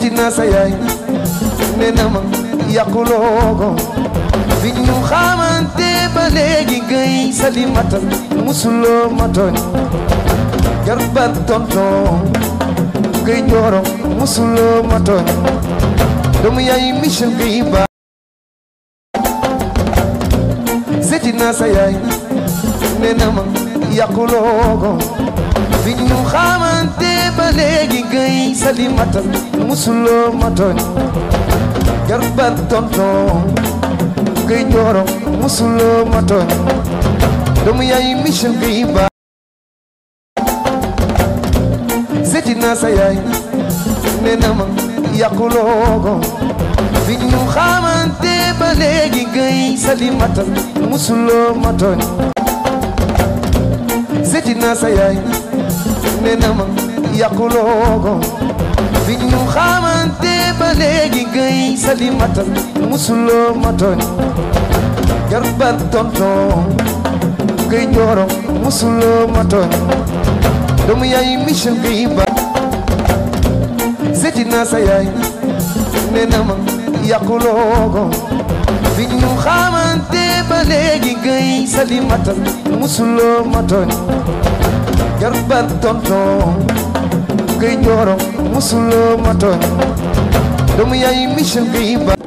metti na sa yaay nee na ma yàquloo ko bi ñu xamante ba léegi ngay salimata musuloo ma tooñ jarbat tonton ngay jooro musuloo ma tooñ doomu yaay Michel ngay ba seeti na sa yaay nee na ma yàquloo ko léegi ngay sali yaay michel ngay na ma yàquloo ko bi ñu xamante ba léegi ngay sali matal musuloo matal seeti naa sa yaay nee na ma yàquloo ko bi ñu xamante ba léegi ngay salimata musuloo matoñ jarbat tonton ngay jooro musuloo matoñ doomu yaay michel ngay ba seeti ma yàquloo ko bi ñu xamante ba léegi ngay salimata musuloo matoñ jarbat tonton jooro musuloo ma tooñ doomu yaay mi sël